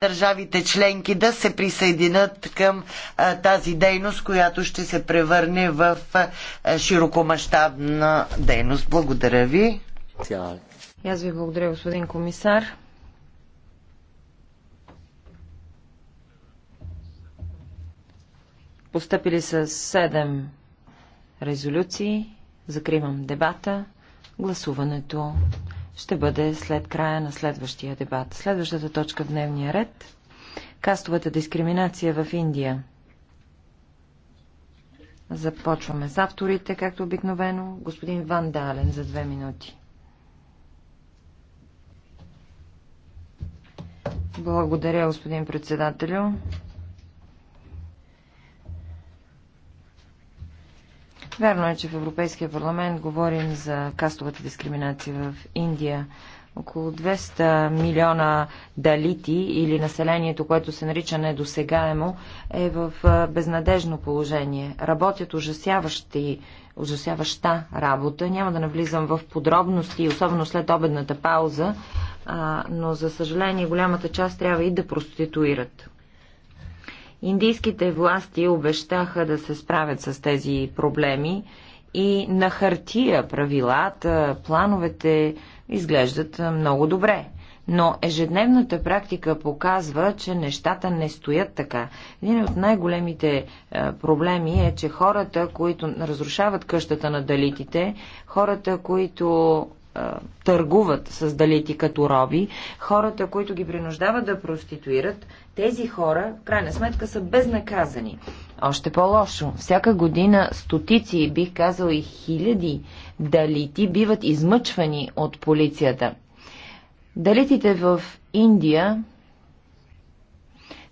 държавите членки да се присъединят към а, тази дейност, която ще се превърне в а, широкомащабна дейност. Благодаря ви. И аз ви благодаря, господин комисар. Постъпили са 7 резолюции. Закривам дебата. Гласуването ще бъде след края на следващия дебат. Следващата точка в дневния ред – кастовата дискриминация в Индия. Започваме с авторите, както обикновено. Господин Ван Дален за две минути. Благодаря, господин председателю. Вярно е, че в Европейския парламент говорим за кастовата дискриминация в Индия. Около 200 милиона далити или населението, което се нарича недосегаемо, е в безнадежно положение. Работят ужасяващи, ужасяваща работа. Няма да навлизам в подробности, особено след обедната пауза, но за съжаление голямата част трябва и да проституират. Индийските власти обещаха да се справят с тези проблеми и на хартия правилата, плановете изглеждат много добре. Но ежедневната практика показва, че нещата не стоят така. Един от най-големите е, проблеми е, че хората, които разрушават къщата на далитите, хората, които търгуват с далети като роби, хората, които ги принуждават да проституират, тези хора, в крайна сметка, са безнаказани. Още по-лошо, всяка година стотици, бих казал и хиляди далити биват измъчвани от полицията. Далитите в Индия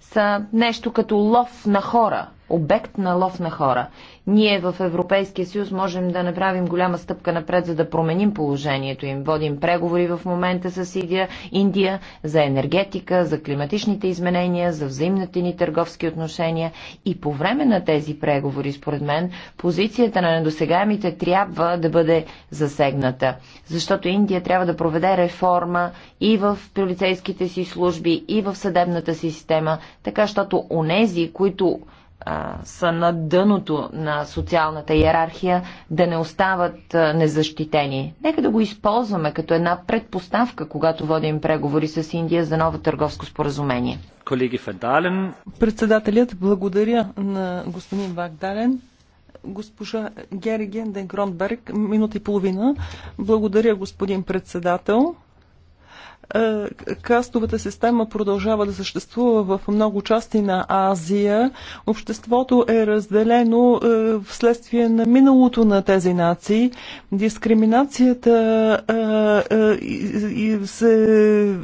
са нещо като лов на хора – обект на лов на хора. Ние в Европейския съюз можем да направим голяма стъпка напред, за да променим положението им. Водим преговори в момента с Индия, Индия за енергетика, за климатичните изменения, за взаимните ни търговски отношения. И по време на тези преговори, според мен, позицията на недосегаемите трябва да бъде засегната. Защото Индия трябва да проведе реформа и в полицейските си служби, и в съдебната си система, така щото онези, които са на дъното на социалната иерархия, да не остават незащитени. Нека да го използваме като една предпоставка, когато водим преговори с Индия за ново търговско споразумение. Колеги Федален. Председателят благодаря на господин Вагдален госпожа Гериген Ден Кронберг, минута и половина. Благодаря, господин председател. Е, кастовата система продължава да съществува в много части на Азия. Обществото е разделено е, вследствие на миналото на тези нации. Дискриминацията е, се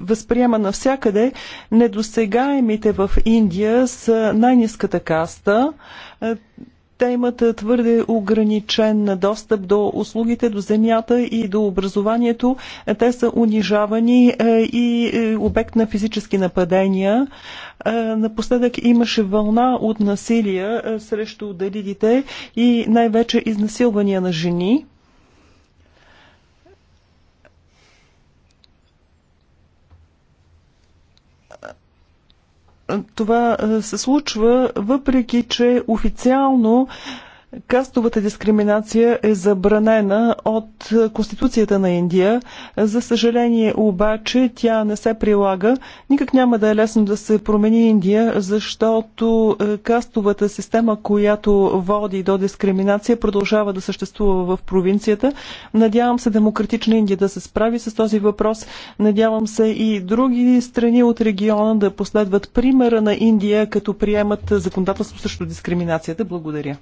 възприема навсякъде. Недосегаемите в Индия са най-низката каста те имат твърде ограничен достъп до услугите, до земята и до образованието. Те са унижавани е, и е, обект на физически нападения. Е, напоследък имаше вълна от насилие срещу далидите и най-вече изнасилвания на жени. това се случва, въпреки че официално Кастовата дискриминация е забранена от Конституцията на Индия. За съжаление обаче тя не се прилага. Никак няма да е лесно да се промени Индия, защото е, кастовата система, която води до дискриминация, продължава да съществува в провинцията. Надявам се демократична Индия да се справи с този въпрос. Надявам се и други страни от региона да последват примера на Индия, като приемат законодателство срещу дискриминацията. Благодаря.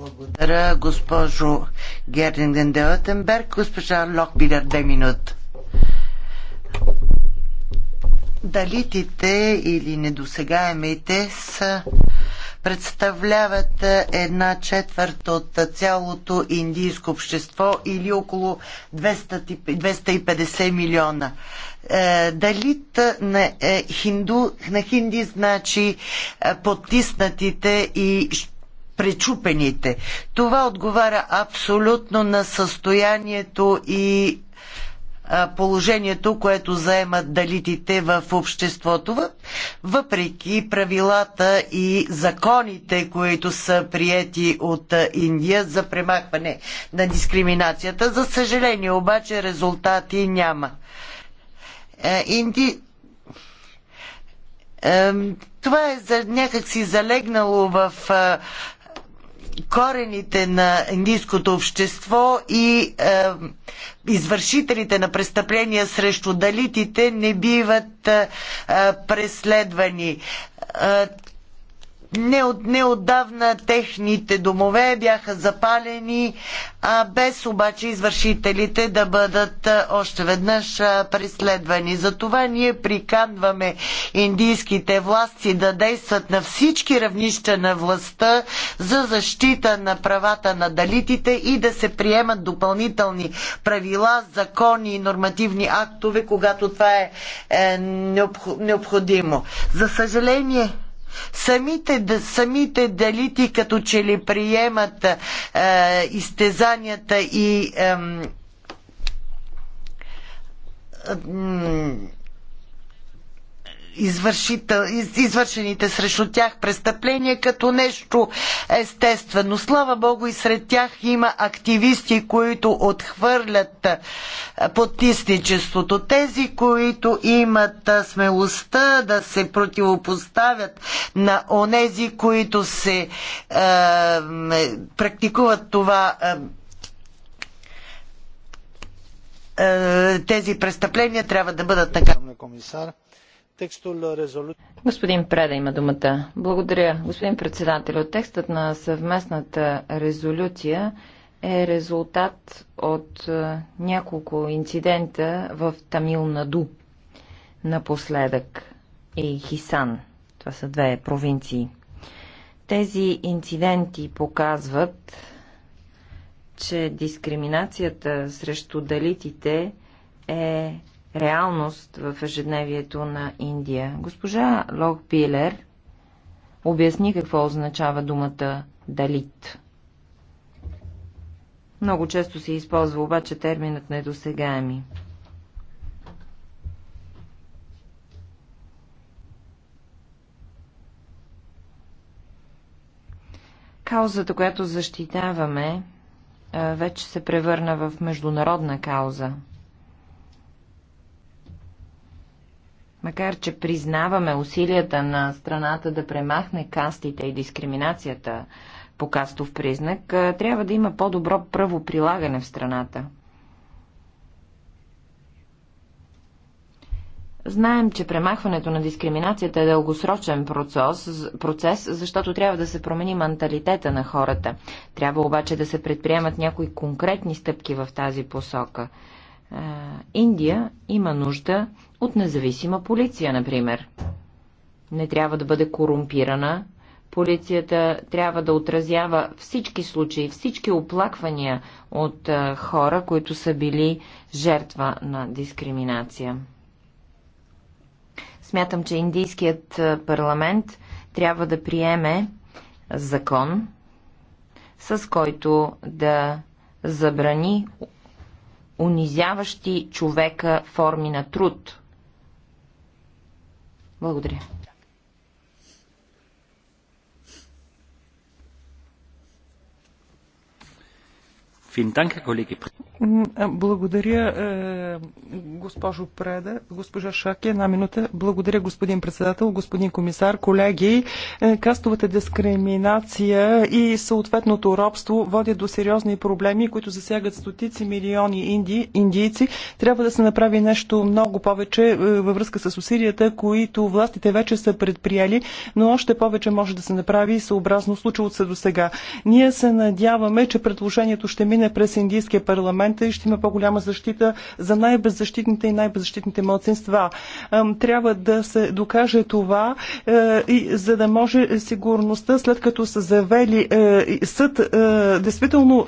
Благодаря, госпожо Гернинген Делатенберг. Госпожа Лохбилер, две минути. Далитите или недосегаемите са представляват една четвърт от цялото индийско общество или около 200, 250 милиона. Е, далит на, е, хинду, на хинди значи е, потиснатите и пречупените. Това отговаря абсолютно на състоянието и положението, което заемат далитите в обществото, въпреки правилата и законите, които са приети от Индия за премахване на дискриминацията. За съжаление обаче резултати няма. Е, инди... Това е за някакси залегнало в корените на индийското общество и е, извършителите на престъпления срещу далитите не биват е, преследвани. Е, неотдавна техните домове бяха запалени, а без обаче извършителите да бъдат още веднъж преследвани. Затова ние приканваме индийските власти да действат на всички равнища на властта за защита на правата на далитите и да се приемат допълнителни правила, закони и нормативни актове, когато това е, е необходимо. За съжаление, Самите, самите далити като че ли приемат е, изтезанията и е, е, извършител, извършените срещу тях престъпления като нещо естествено. Слава Богу и сред тях има активисти, които отхвърлят потисничеството. Тези, които имат смелостта да се противопоставят на онези, които се е, практикуват това е, тези престъпления трябва да бъдат така. Господин Преда има думата. Благодаря. Господин председател, текстът на съвместната резолюция е резултат от е, няколко инцидента в Тамил Наду напоследък и Хисан. Това са две провинции. Тези инциденти показват, че дискриминацията срещу далитите е реалност в ежедневието на Индия. Госпожа Лог Пилер обясни какво означава думата «далит». Много често се използва обаче терминът недосегаеми. Каузата, която защитаваме, вече се превърна в международна кауза – Макар, че признаваме усилията на страната да премахне кастите и дискриминацията по кастов признак, трябва да има по-добро прилагане в страната. Знаем, че премахването на дискриминацията е дългосрочен процес, процес, защото трябва да се промени менталитета на хората. Трябва обаче да се предприемат някои конкретни стъпки в тази посока – Индия има нужда от независима полиция, например. Не трябва да бъде корумпирана. Полицията трябва да отразява всички случаи, всички оплаквания от хора, които са били жертва на дискриминация. Смятам, че индийският парламент трябва да приеме закон, с който да забрани унизяващи човека форми на труд. Благодаря. Vielen Dank, Herr Kollege. Благодаря, е, госпожо Преда. Госпожа Шаки, една минута. Благодаря, господин председател, господин комисар, колеги. Е, кастовата дискриминация и съответното робство водят до сериозни проблеми, които засягат стотици милиони инди, индийци. Трябва да се направи нещо много повече е, във връзка с усилията, които властите вече са предприели, но още повече може да се направи съобразно случилото се до сега. Ние се надяваме, че предложението ще мине през Индийския парламент момента и ще има по-голяма защита за най-беззащитните и най-беззащитните младсинства. Трябва да се докаже това, е, за да може сигурността, след като са завели е, съд, е, действително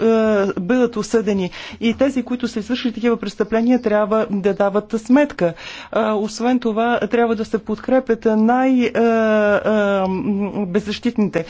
бъдат осъдени. И тези, които са извършили такива престъпления, трябва да дават сметка. Освен това, трябва да се подкрепят най-беззащитните.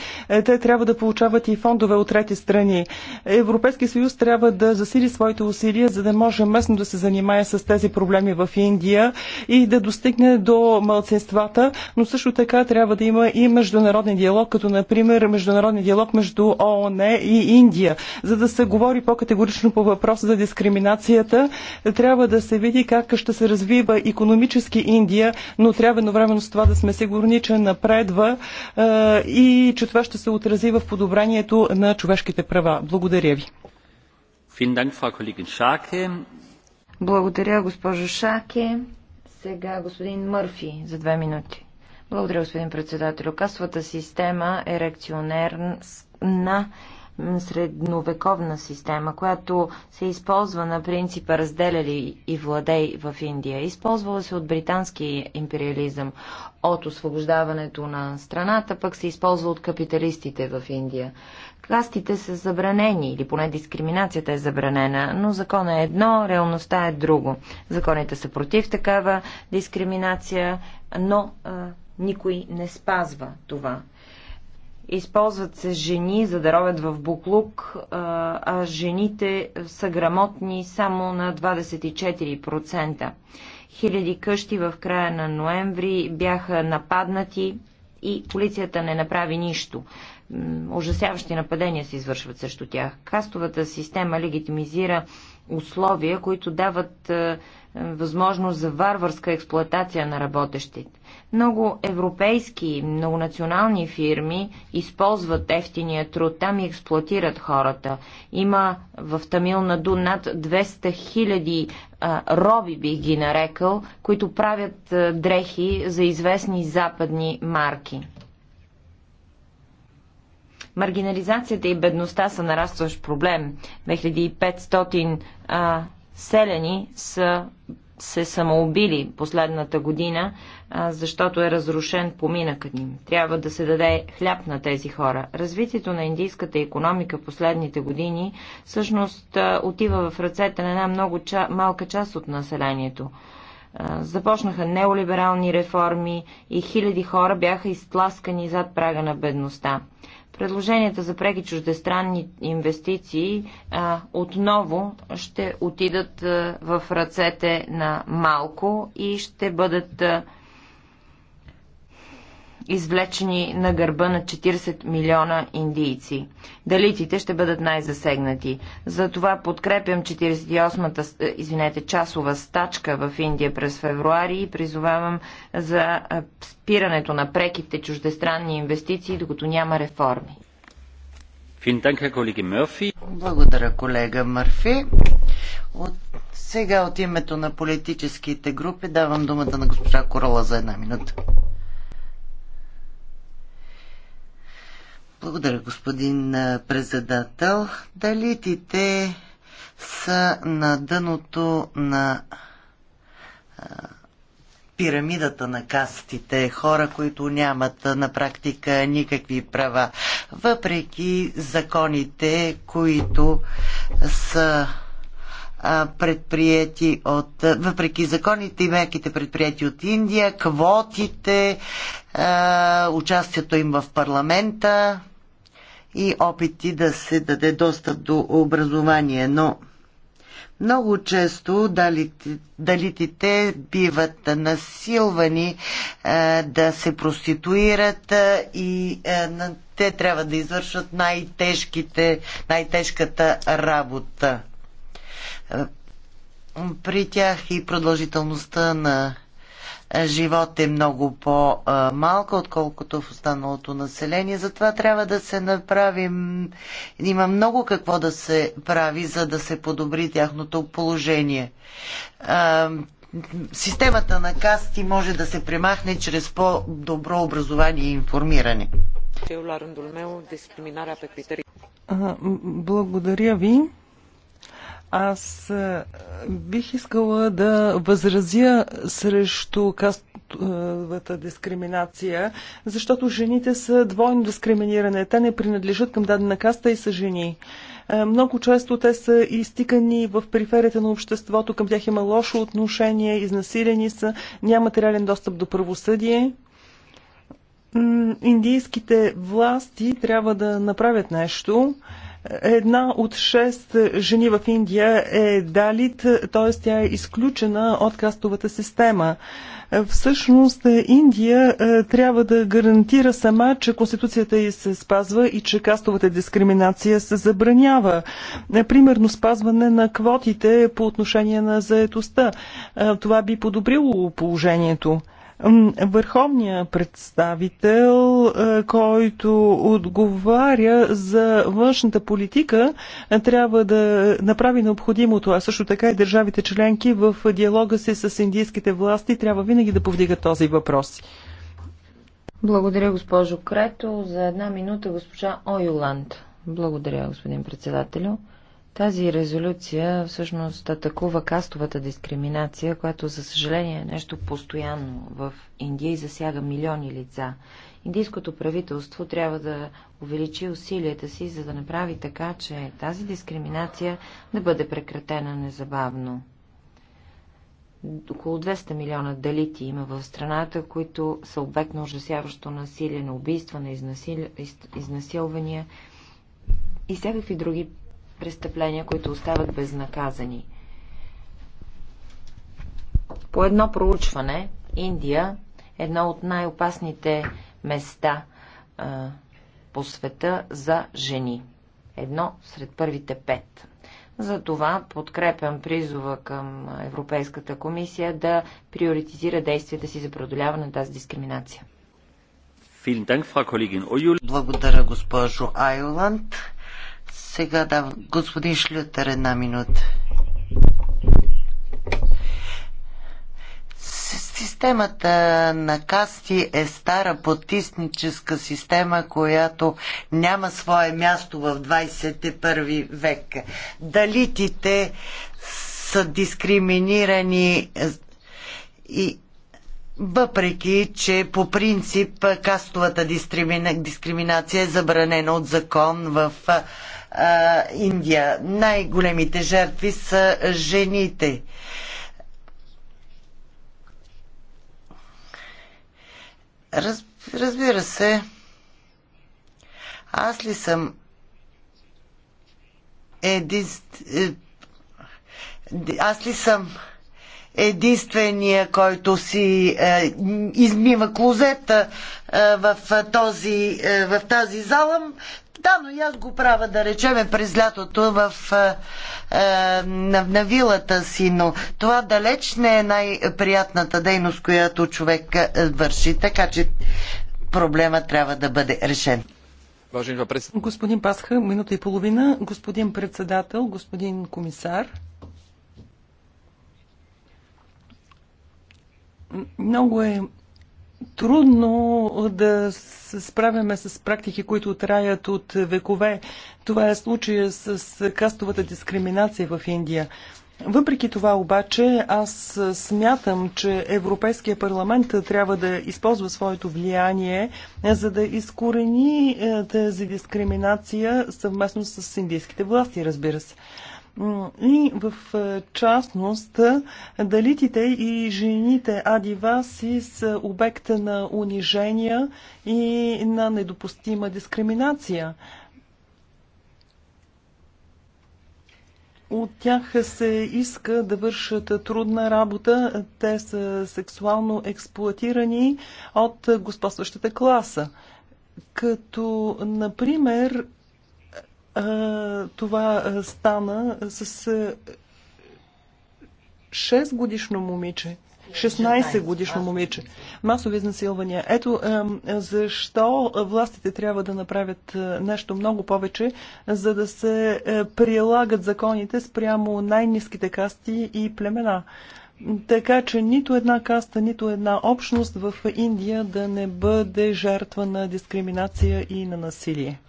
Те трябва да получават и фондове от трети страни. Европейски съюз трябва да засили своите своите усилия, за да може местно да се занимае с тези проблеми в Индия и да достигне до малцинствата, но също така трябва да има и международен диалог, като например международен диалог между ООН и Индия. За да се говори по-категорично по въпроса за дискриминацията, трябва да се види как ще се развива економически Индия, но трябва едновременно с това да сме сигурни, че напредва е, и че това ще се отрази в подобрението на човешките права. Благодаря ви. Благодаря, госпожо Шаке. Сега господин Мърфи за две минути. Благодаря, господин председател. Касовата система е реакционерна средновековна система, която се използва на принципа разделяли и владей в Индия. Използвала се от британски империализъм, от освобождаването на страната, пък се използва от капиталистите в Индия. Кастите са забранени или поне дискриминацията е забранена, но закона е едно, реалността е друго. Законите са против такава дискриминация, но а, никой не спазва това. Използват се жени, за да ровят в буклук, а жените са грамотни само на 24%. Хиляди къщи в края на ноември бяха нападнати и полицията не направи нищо. Ужасяващи нападения се извършват срещу тях. Кастовата система легитимизира условия, които дават е, възможност за варварска експлоатация на работещите. Много европейски, многонационални фирми използват ефтиния труд, там и експлуатират хората. Има в Тамил Наду над 200 хиляди е, роби, бих ги нарекал, които правят е, дрехи за известни западни марки. Маргинализацията и бедността са нарастващ проблем. 2500 а, селени са се самоубили последната година, а, защото е разрушен поминъкът им. Трябва да се даде хляб на тези хора. Развитието на индийската економика последните години всъщност а, отива в ръцете на една много ча, малка част от населението. А, започнаха неолиберални реформи и хиляди хора бяха изтласкани зад прага на бедността предложенията за преки чуждестранни инвестиции а, отново ще отидат а, в ръцете на малко и ще бъдат а, извлечени на гърба на 40 милиона индийци. Далитите ще бъдат най-засегнати. Затова подкрепям 48-та, е, извинете, часова стачка в Индия през февруари и призовавам за е, спирането на преките чуждестранни инвестиции, докато няма реформи. Благодаря, колега Мърфи. От... Сега от името на политическите групи давам думата на госпожа Корола за една минута. Благодаря, господин председател. Далитите са на дъното на пирамидата на кастите, хора, които нямат на практика никакви права, въпреки законите, които са предприяти от, въпреки законите и мерките предприяти от Индия, квотите, участието им в парламента, и опити да се даде достъп до образование, но много често далите, далитите биват насилвани е, да се проституират е, и е, на, те трябва да извършат най-тежките, най-тежката работа. Е, при тях и продължителността на живот е много по-малка, отколкото в останалото население. Затова трябва да се направи. Има много какво да се прави, за да се подобри тяхното положение. Системата на касти може да се премахне чрез по-добро образование и информиране. Благодаря ви. Аз е, бих искала да възразя срещу кастовата дискриминация, защото жените са двойно дискриминиране. Те не принадлежат към дадена каста и са жени. Е, много често те са изтикани в периферията на обществото, към тях има лошо отношение, изнасилени са, нямат реален достъп до правосъдие индийските власти трябва да направят нещо. Една от шест жени в Индия е далит, т.е. тя е изключена от кастовата система. Всъщност Индия е, трябва да гарантира сама, че Конституцията й се спазва и че кастовата дискриминация се забранява. Е, примерно спазване на квотите по отношение на заетостта. Е, това би подобрило положението върховния представител, е, който отговаря за външната политика, е, трябва да направи необходимото, а също така и държавите членки в диалога си с индийските власти трябва винаги да повдигат този въпрос. Благодаря, госпожо Крето. За една минута госпожа Ойоланд. Благодаря, господин председателю. Тази резолюция всъщност атакува кастовата дискриминация, която за съжаление е нещо постоянно в Индия и засяга милиони лица. Индийското правителство трябва да увеличи усилията си, за да направи така, че тази дискриминация да бъде прекратена незабавно. Около 200 милиона далити има в страната, които са обект на ужасяващо насилие, на убийства, на изнасил... изнасилвания и всякакви други престъпления, които остават безнаказани. По едно проучване, Индия е едно от най-опасните места а, по света за жени. Едно сред първите пет. Затова подкрепям призова към Европейската комисия да приоритизира действията си за преодоляване на тази дискриминация. Благодаря, госпожо Айланд. Сега давам господин Шлютер една минута. Системата на касти е стара потисническа система, която няма свое място в 21 век. Далитите са дискриминирани и въпреки че по принцип кастовата дискриминация е забранена от закон в а, Индия. Най-големите жертви са жените. Раз... Разбира се, аз ли съм един... Е, аз ли съм единствения, който си е, измива клозета е, в, този, е, в тази зала. Да, но и аз го правя, да речеме, през лятото в, е, е на, на вилата си, но това далеч не е най-приятната дейност, която човек е, върши, така че проблема трябва да бъде решен. Господин Пасха, минута и половина. Господин председател, господин комисар. Много е трудно да се справяме с практики, които траят от векове. Това е случая с кастовата дискриминация в Индия. Въпреки това обаче, аз смятам, че Европейския парламент трябва да използва своето влияние, за да изкорени е, тази дискриминация съвместно с индийските власти, разбира се. И в е, частност, е, далитите и жените Адиваси са обекта на унижения и на недопустима дискриминация. От тях се иска да вършат трудна работа. Те са сексуално експлуатирани от господстващата класа. Като, например, това стана с 6 годишно момиче. 16 годишно момиче. Масови изнасилвания. Ето защо властите трябва да направят нещо много повече, за да се прилагат законите спрямо най-низките касти и племена. Така че нито една каста, нито една общност в Индия да не бъде жертва на дискриминация и на насилие.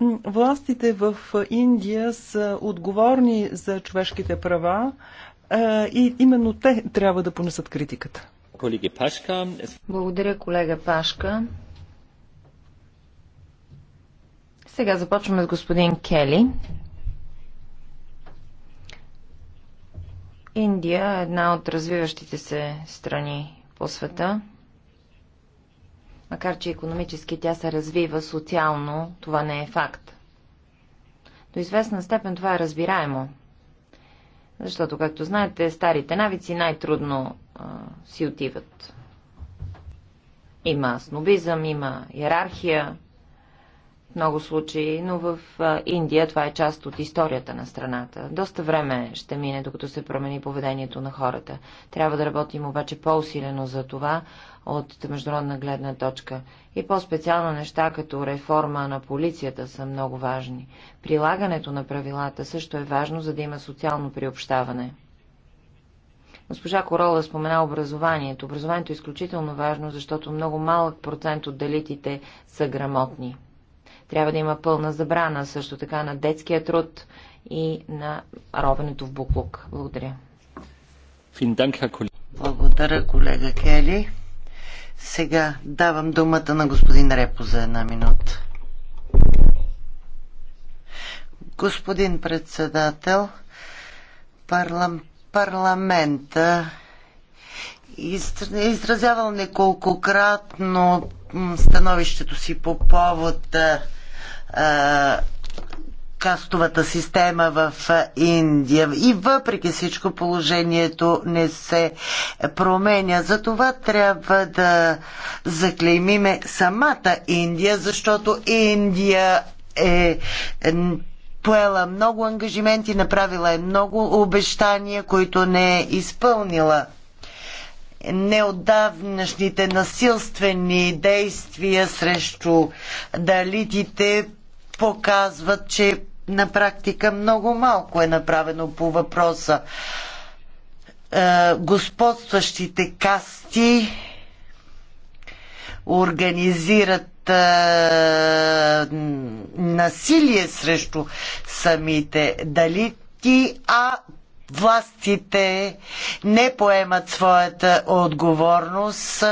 Властите в Индия са отговорни за човешките права и именно те трябва да понесат критиката. Е- Благодаря, колега Пашка. Сега започваме с господин Кели. Индия е една от развиващите се страни по света. Макар, че економически тя се развива социално, това не е факт. До известна степен това е разбираемо. Защото, както знаете, старите навици най-трудно си отиват. Има снобизъм, има иерархия, много случаи, но в Индия това е част от историята на страната. Доста време ще мине, докато се промени поведението на хората. Трябва да работим обаче по-усилено за това от международна гледна точка. И по-специално неща като реформа на полицията са много важни. Прилагането на правилата също е важно, за да има социално приобщаване. Госпожа Корола спомена образованието. Образованието е изключително важно, защото много малък процент от делитите са грамотни. Трябва да има пълна забрана също така на детския труд и на ровенето в буклук. Благодаря. Благодаря, колега Кели. Сега давам думата на господин Репо за една минута. Господин председател, парлам, парламента изразявал неколкократно становището си по повод кастовата система в Индия. И въпреки всичко положението не се променя. За това трябва да заклеймиме самата Индия, защото Индия е поела много ангажименти, направила е много обещания, които не е изпълнила неотдавнашните насилствени действия срещу далитите показват, че на практика много малко е направено по въпроса. Е, господстващите касти организират е, насилие срещу самите далити, а властите не поемат своята отговорност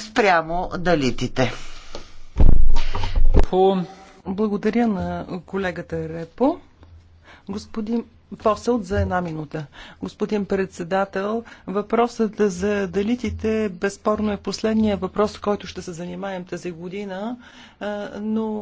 спрямо далитите. Благодаря на колегата Репо. Господин Посъл за една минута. Господин председател, въпросът за далитите безспорно е последния въпрос, който ще се занимаем тази година, но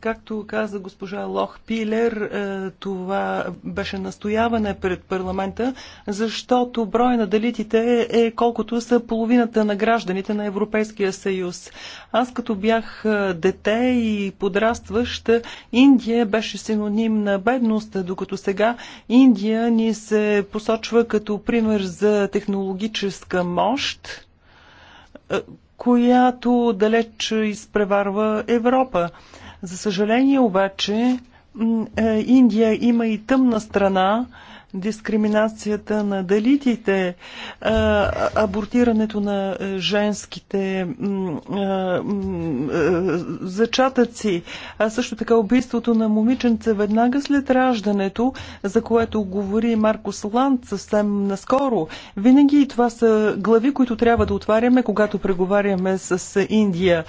Както каза госпожа Лох Пилер, е, това беше настояване пред парламента, защото брой на делитите е колкото са половината на гражданите на Европейския съюз. Аз като бях е, дете и подрастващ, Индия беше синоним на бедност, докато сега Индия ни се посочва като пример за технологическа мощ е, която далеч изпреварва Европа. За съжаление обаче, е, Индия има и тъмна страна, дискриминацията на далитите, абортирането на женските зачатъци, а също така убийството на момиченце веднага след раждането, за което говори Марко Ланд съвсем наскоро. Винаги това са глави, които трябва да отваряме, когато преговаряме с Индия.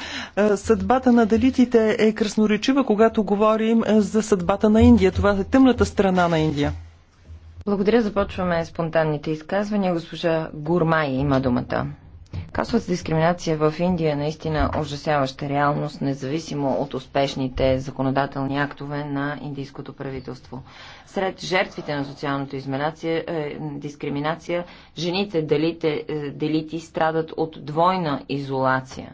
Съдбата на далитите е красноречива, когато говорим за съдбата на Индия. Това е тъмната страна на Индия. Благодаря. Започваме спонтанните изказвания. Госпожа Гурмай има думата. Касовата дискриминация в Индия е наистина ужасяваща реалност, независимо от успешните законодателни актове на индийското правителство. Сред жертвите на социалната изменация, е, дискриминация, жените делите, е, делити страдат от двойна изолация.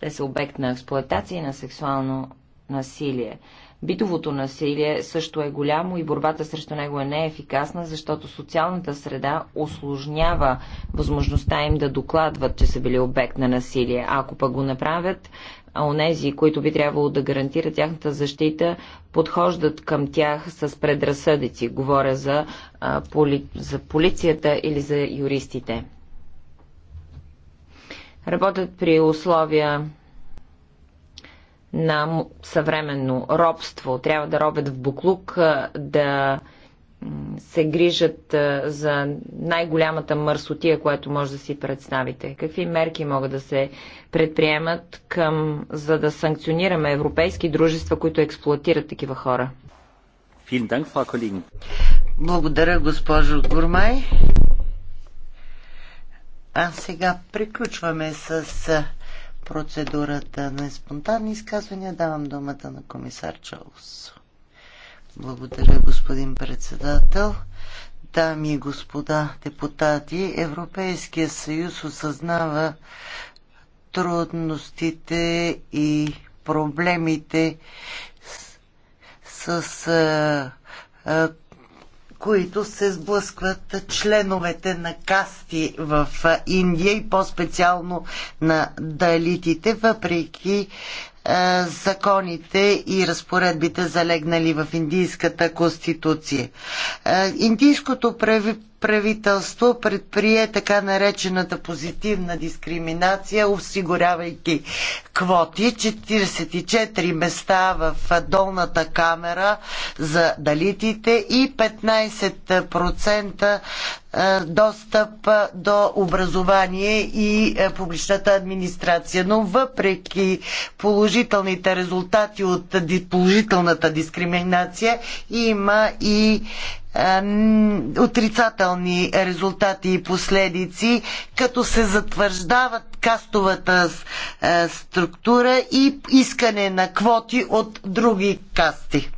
Те са обект на експлоатация и на сексуално насилие. Битовото насилие също е голямо и борбата срещу него е неефикасна, защото социалната среда осложнява възможността им да докладват, че са били обект на насилие. А ако пък го направят, а онези, които би трябвало да гарантират тяхната защита, подхождат към тях с предразсъдици. Говоря за, а, поли, за полицията или за юристите. Работят при условия на съвременно робство. Трябва да робят в буклук, да се грижат за най-голямата мърсотия, която може да си представите? Какви мерки могат да се предприемат към, за да санкционираме европейски дружества, които експлуатират такива хора? Благодаря, госпожо Гурмай. А сега приключваме с процедурата на спонтанни изказвания. Давам думата на комисар Чолос. Благодаря, господин председател. Дами и господа депутати, Европейския съюз осъзнава трудностите и проблемите с, с които се сблъскват членовете на касти в Индия и по-специално на далитите, въпреки законите и разпоредбите залегнали в Индийската конституция. Индийското правителство предприе така наречената позитивна дискриминация, осигурявайки квоти 44 места в долната камера за далитите и 15% е, достъп до образование и е, публичната администрация. Но въпреки положителните резултати от положителната дискриминация, има и е, отрицателни резултати и последици, като се затвърждават кастовата е, структура и искане на квоти от други касти.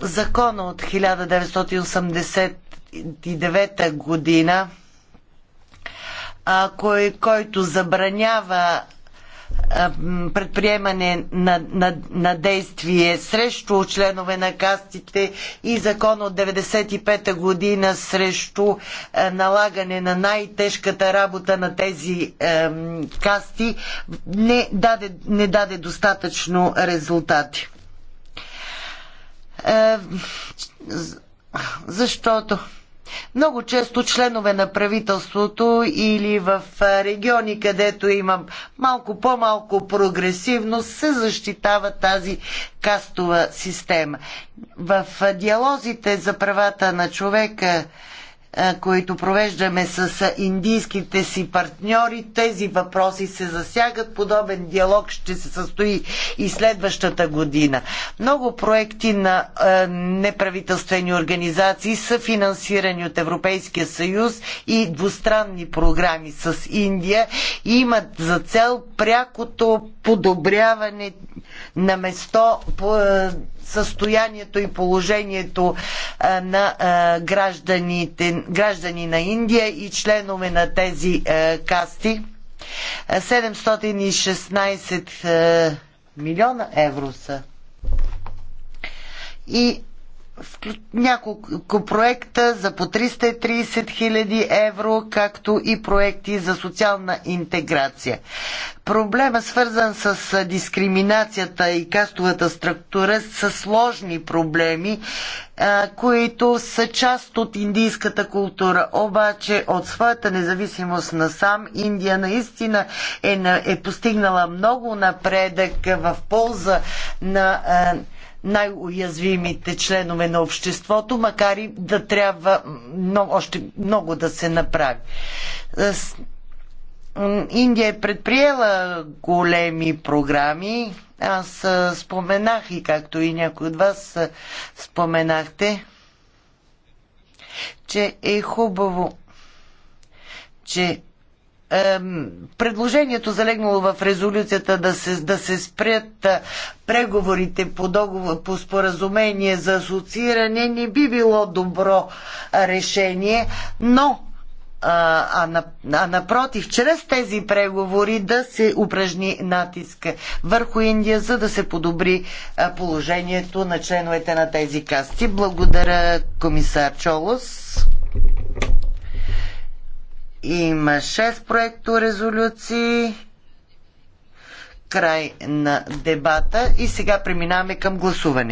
Закона от 1989 година, кой, който забранява предприемане на, на, на, действие срещу членове на кастите и закон от 95-та година срещу е, налагане на най-тежката работа на тези касти не даде, не даде достатъчно резултати. Е, защото много често членове на правителството или в региони, където има малко по-малко прогресивност, се защитава тази кастова система. В диалозите за правата на човека които провеждаме с индийските си партньори, тези въпроси се засягат. Подобен диалог ще се състои и следващата година. Много проекти на неправителствени организации са финансирани от Европейския съюз и двустранни програми с Индия и имат за цел прякото подобряване на место по е, състоянието и положението е, на е, гражданите, граждани на Индия и членове на тези касти. 716 милиона евро са. И няколко проекта за по 330 хиляди евро, както и проекти за социална интеграция. Проблема свързан с дискриминацията и кастовата структура са сложни проблеми, които са част от индийската култура. Обаче от своята независимост на сам Индия наистина е, е постигнала много напредък в полза на най-уязвимите членове на обществото, макар и да трябва още много да се направи. Е, Индия е предприела големи програми. Аз е, споменах и както и някои от вас е, споменахте, че е хубаво, че предложението залегнало в резолюцията да се, да се спрят преговорите по, договор, по споразумение за асоцииране не би било добро решение, но а, а напротив, чрез тези преговори да се упражни натиск върху Индия, за да се подобри положението на членовете на тези касти. Благодаря, комисар Чолос. Има 6 проекто резолюции. Край на дебата и сега преминаваме към гласуване.